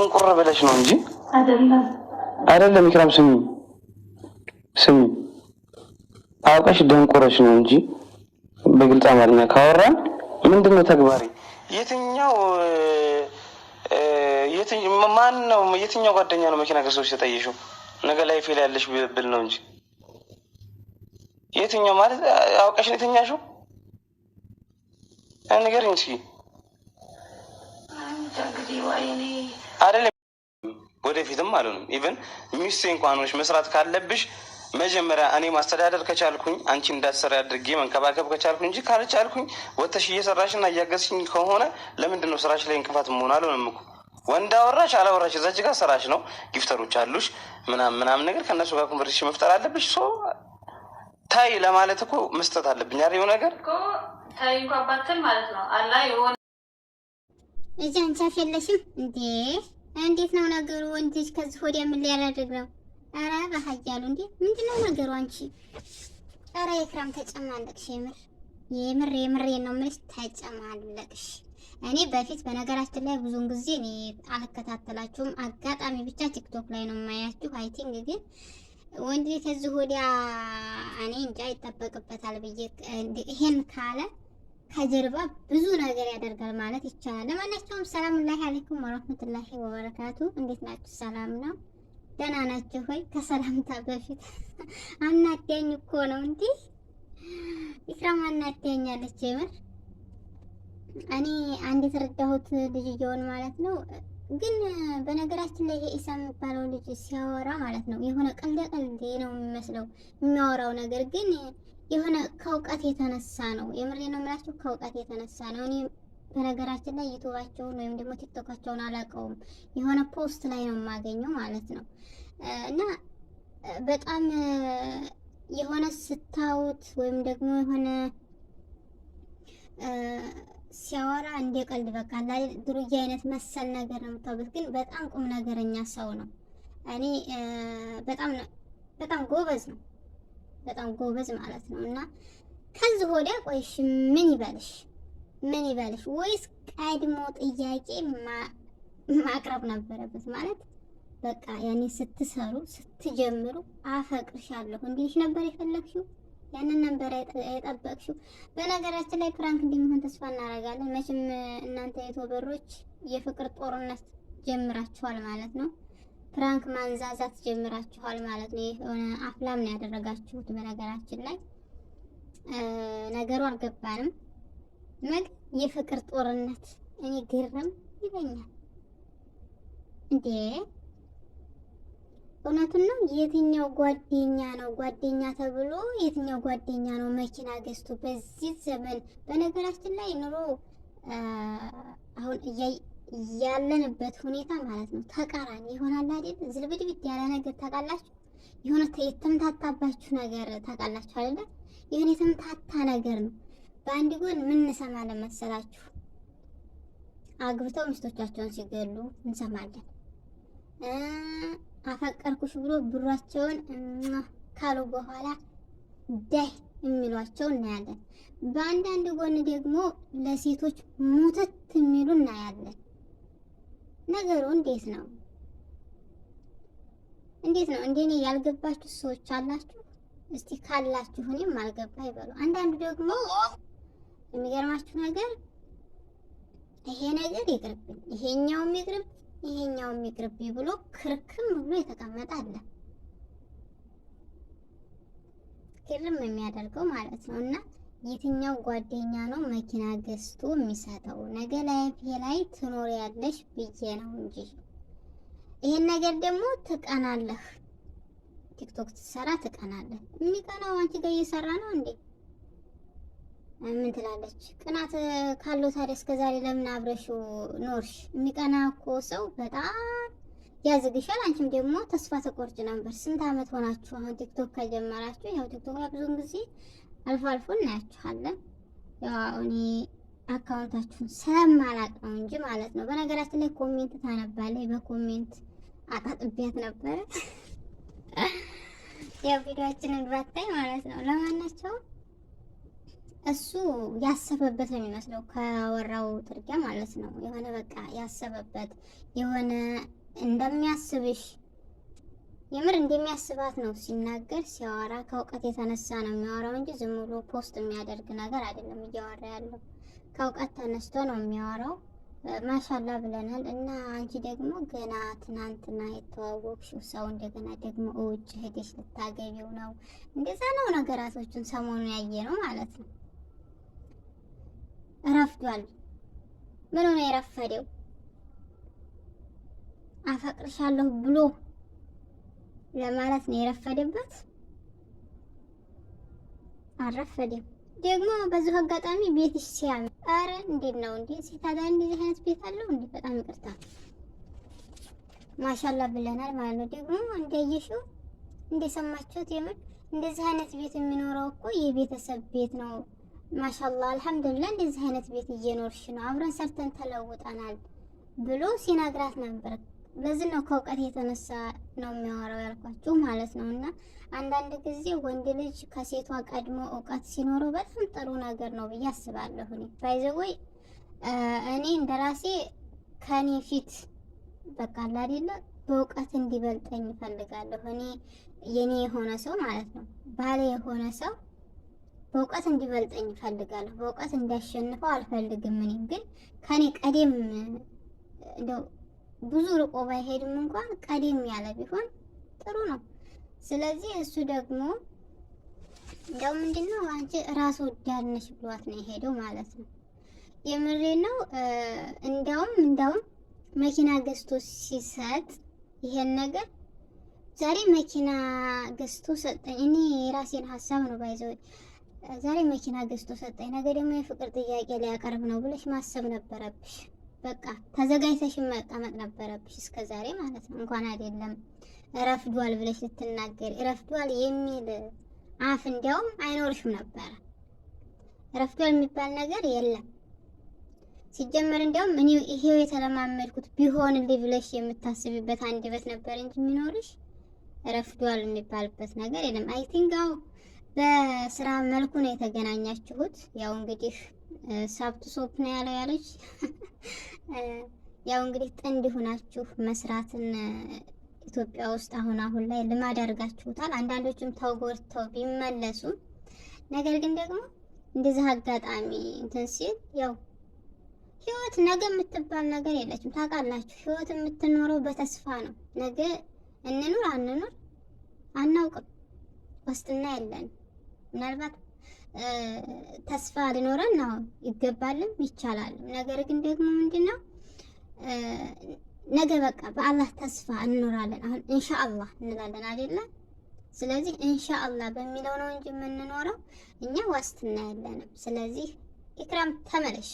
ለምን ቁር ብለሽ ነው እንጂ አይደለም። አይደለም ኢክራም ስሚ ስሚ፣ አውቀሽ ደንቆረሽ ነው እንጂ በግልጽ አማርኛ ካወራን ምንድን ነው ተግባሪ? የትኛው ማን ነው የትኛው ጓደኛ ነው መኪና ገዝቶሽ ተጠየሽው? ነገ ላይ ፌል ያለሽ ብል ነው እንጂ የትኛው ማለት አውቀሽ ነው የተኛሽው? ንገሪኝ እስኪ አይደለም ወደፊትም አልሆንም። ኢቨን ሚስቴ እንኳን ሆነሽ መስራት ካለብሽ መጀመሪያ እኔ ማስተዳደር ከቻልኩኝ አንቺ እንዳትሰሪ አድርጌ መንከባከብ ከቻልኩኝ እንጂ ካልቻልኩኝ ወተሽ እየሰራሽና እያገዝሽኝ ከሆነ ለምንድን ነው ስራሽ ላይ እንቅፋት መሆን? አልሆነም እኮ ወንድ አወራሽ አላወራሽ እዛች ጋር ስራሽ ነው። ጊፍተሮች አሉሽ ምናምን ምናምን ነገር ከእነሱ ጋር ኮንቨርሴሽን መፍጠር አለብሽ። ሶ ታይ ለማለት እኮ መስጠት አለብኝ። አሪው ነገር ታይ እንኳ ባትል ማለት ነው አላ የሆነ እዚህ አንቻፍ የለሽም እንዴ? እንዴት ነው ነገሩ? ወንድ ልጅ ከዚህ ወዲያ ምን ሊያደርግ ነው? አረ ባህያሉ እንዴ! ምንድን ነው ነገሩ? አንቺ አረ የክራም ተጨማለቅሽ። የምር የምር የምር ነው የምልሽ፣ ተጨማለቅሽ። እኔ በፊት በነገራችን ላይ ብዙውን ጊዜ እኔ አልከታተላችሁም፣ አጋጣሚ ብቻ ቲክቶክ ላይ ነው የማያችሁ። አይ ቲንክ ግን ወንድ ልጅ ከዚህ ወዲያ እኔ እንጃ ይጠበቅበታል ብዬ ይሄን ካለ ከጀርባ ብዙ ነገር ያደርጋል ማለት ይቻላል። ለማናቸውም ሰላሙላሂ አለይኩም ወረህመቱላሂ ወበረካቱ። እንዴት ናችሁ? ሰላም ነው? ደህና ናቸው ሆይ? ከሰላምታ በፊት አናዳኝ እኮ ነው እንዴ ኢክራም አናዳኛለች። የምር እኔ አንድ የተረዳሁት ልጅየውን ማለት ነው ግን በነገራችን ላይ ይሄ ኢሳ የሚባለው ልጅ ሲያወራ ማለት ነው የሆነ ቀልደ ቀልድ ነው የሚመስለው የሚያወራው ነገር ግን የሆነ ከእውቀት የተነሳ ነው። የምሬ ነው የምላቸው ከእውቀት የተነሳ ነው። እኔ በነገራችን ላይ ዩቱባቸውን ወይም ደግሞ ቲክቶካቸውን አላውቀውም። የሆነ ፖስት ላይ ነው የማገኘው ማለት ነው እና በጣም የሆነ ስታዩት ወይም ደግሞ የሆነ ሲያወራ እንደ ቀልድ በቃ ዱርዬ አይነት መሰል ነገር ነው የምታውበት፣ ግን በጣም ቁም ነገረኛ ሰው ነው። እኔ በጣም በጣም ጎበዝ ነው፣ በጣም ጎበዝ ማለት ነው። እና ከዚህ ወዲያ ቆይሽ ምን ይበልሽ ምን ይበልሽ? ወይስ ቀድሞ ጥያቄ ማቅረብ ነበረበት ማለት በቃ ያኔ ስትሰሩ ስትጀምሩ አፈቅርሻለሁ እንዲልሽ ነበር የፈለግሽው? ያንን ነበር የጠበቅሽው። በነገራችን ላይ ፕራንክ እንደሚሆን ተስፋ እናደርጋለን። መቼም እናንተ የቶበሮች የፍቅር ጦርነት ጀምራችኋል ማለት ነው። ፕራንክ ማንዛዛት ጀምራችኋል ማለት ነው። የሆነ አፍላም ነው ያደረጋችሁት። በነገራችን ላይ ነገሩ አልገባንም። ምን የፍቅር ጦርነት እኔ ግርም ይለኛል እንዴ እውነቱን ነው። የትኛው ጓደኛ ነው ጓደኛ ተብሎ የትኛው ጓደኛ ነው መኪና ገዝቶ በዚህ ዘመን? በነገራችን ላይ ኑሮ አሁን ያለንበት ሁኔታ ማለት ነው ተቃራኒ ይሆናል አይደል? ዝልብድብድ ያለ ነገር ታውቃላችሁ፣ የሆነ የተምታታባችሁ ነገር ታውቃላችሁ አይደለ? የሆነ የተምታታ ነገር ነው። በአንድ ጎን ምን እንሰማለን መሰላችሁ? አግብተው ሚስቶቻቸውን ሲገሉ እንሰማለን። አፈቀርኩሽ ብሎ ብሯቸውን ካሉ በኋላ ደህ የሚሏቸው እናያለን። በአንዳንድ ጎን ደግሞ ለሴቶች ሞተት የሚሉ እናያለን። ነገሩ እንዴት ነው? እንዴት ነው? እንደኔ ያልገባችሁ ሰዎች አላችሁ? እስቲ ካላችሁ እኔም አልገባ ይበሉ። አንዳንዱ ደግሞ የሚገርማችሁ ነገር ይሄ ነገር ይቅርብኝ፣ ይሄኛውም ይቅርብ ይሄኛው የሚቅርብ ብሎ ክርክም ብሎ የተቀመጠ አለ። ግርም የሚያደርገው ማለት ነው። እና የትኛው ጓደኛ ነው መኪና ገዝቶ የሚሰጠው? ነገ ላይፌ ላይ ያለሽ ብዬ ነው እንጂ ይሄን ነገር ደግሞ ትቀናለህ። ቲክቶክ ትሰራ ትቀናለህ። የሚቀናው አንቺ ጋር እየሰራ ነው እንዴ? ምን ትላለች? ቅናት ካለው ታዲያ እስከዛሬ ለምን አብረሽው ኖርሽ? የሚቀና እኮ ሰው በጣም ያዝግሻል። አንቺም ደግሞ ተስፋ ተቆርጭ ነበር። ስንት ዓመት ሆናችሁ አሁን ቲክቶክ ከጀመራችሁ? ያው ቲክቶክ ብዙውን ጊዜ አልፎ አልፎ እናያችኋለን። ያው እኔ አካውንታችሁን ስለማላቅ ነው እንጂ ማለት ነው። በነገራችን ላይ ኮሜንት ታነባለች። በኮሜንት አጣጥቢያት ነበረ። ያው ቪዲዮችንን ባታይ ማለት ነው ለማናቸውም እሱ ያሰበበት ነው የሚመስለው ከወራው ጥርጊያ ማለት ነው። የሆነ በቃ ያሰበበት የሆነ እንደሚያስብሽ የምር እንደሚያስባት ነው ሲናገር ሲያወራ፣ ከእውቀት የተነሳ ነው የሚያወራው እንጂ ዝም ብሎ ፖስት የሚያደርግ ነገር አይደለም። እያወራ ያለው ከእውቀት ተነስቶ ነው የሚያወራው። ማሻላ ብለናል። እና አንቺ ደግሞ ገና ትናንትና የተዋወቅሽው ሰው እንደገና ደግሞ እውጭ ሄደሽ ልታገቢው ነው። እንደዛ ነው ነገራቶችን ሰሞኑ ያየ ነው ማለት ነው። ረፍዷል። ምን ሆነ የረፈደው? አፈቅርሻለሁ ብሎ ለማለት ነው የረፈደበት። አረፈደው ደግሞ በዚሁ አጋጣሚ ቤትሽ ሲያምር፣ ኧረ እንዴት ነው እንዴ? ታዲያ እንደዚህ አይነት ቤት አለው እንዴ? በጣም ይቅርታ ማሻላ ብለናል ማለት ነው። ደግሞ እንደየሽው እንደሰማችሁት የምር እንደዚህ አይነት ቤት የሚኖረው እኮ የቤተሰብ ቤት ነው። ማሻላ አልሐምዱሊላ እንደዚህ አይነት ቤት እየኖርሽ ነው፣ አብረን ሰርተን ተለውጠናል ብሎ ሲነግራት ነበር። በዚህ ነው ከእውቀት የተነሳ ነው የሚያወራው ያልኳችሁ ማለት ነው። እና አንዳንድ ጊዜ ወንድ ልጅ ከሴቷ ቀድሞ እውቀት ሲኖረው በጣም ጥሩ ነገር ነው ብዬ አስባለሁ። ባይዘወይ እኔ እንደራሴ ከኔ ፊት በቃ ላሌለ በእውቀት እንዲበልጠኝ ይፈልጋለሁ። እኔ የኔ የሆነ ሰው ማለት ነው ባለ የሆነ ሰው በእውቀት እንዲበልጠኝ እፈልጋለሁ። በእውቀት እንዲያሸንፈው አልፈልግም። እኔም ግን ከኔ ቀደም እንደው ብዙ ርቆ ባይሄድም እንኳን ቀደም ያለ ቢሆን ጥሩ ነው። ስለዚህ እሱ ደግሞ እንደው ምንድን ነው አንቺ ራስ ወዳድ ብሏት ነው የሄደው ማለት ነው። የምሬ ነው። እንደውም እንደውም መኪና ገዝቶ ሲሰጥ ይሄን ነገር ዛሬ መኪና ገዝቶ ሰጠኝ እኔ የራሴን ሀሳብ ነው ባይዘው ዛሬ መኪና ገዝቶ ሰጠኝ፣ ነገ ደግሞ የፍቅር ጥያቄ ሊያቀርብ ነው ብለሽ ማሰብ ነበረብሽ። በቃ ተዘጋጅተሽ መቀመጥ ነበረብሽ እስከ ዛሬ ማለት ነው። እንኳን አይደለም እረፍዷል ብለሽ ልትናገር እረፍዷል የሚል አፍ እንዲያውም አይኖርሽም ነበረ። እረፍዷል የሚባል ነገር የለም ሲጀመር። እንዲያውም እኔ ይሄው የተለማመድኩት ቢሆንልኝ ብለሽ የምታስብበት አንድ በት ነበር እንጂ የሚኖርሽ እረፍዷል የሚባልበት ነገር የለም። አይ ቲንክ አዎ በስራ መልኩ ነው የተገናኛችሁት። ያው እንግዲህ ሳብቱ ሶፕ ነው ያለው ያለች። ያው እንግዲህ ጥንድ ሆናችሁ መስራትን ኢትዮጵያ ውስጥ አሁን አሁን ላይ ልማድ አድርጋችሁታል። አንዳንዶችም ተጎድተው ቢመለሱ ነገር ግን ደግሞ እንደዚህ አጋጣሚ እንትን ሲል ያው ህይወት ነገ የምትባል ነገር የለችም። ታውቃላችሁ፣ ህይወት የምትኖረው በተስፋ ነው። ነገ እንኑር አንኑር አናውቅም፣ ዋስትና ያለን። ምናልባት ተስፋ ሊኖረን ነው ይገባልም ይቻላልም። ነገር ግን ደግሞ ምንድን ነው ነገ በቃ በአላህ ተስፋ እንኖራለን። አሁን እንሻአላህ እንላለን አይደለ? ስለዚህ እንሻአላህ በሚለው ነው እንጂ የምንኖረው እኛ ዋስትና የለንም። ስለዚህ ኢክራም ተመለሽ።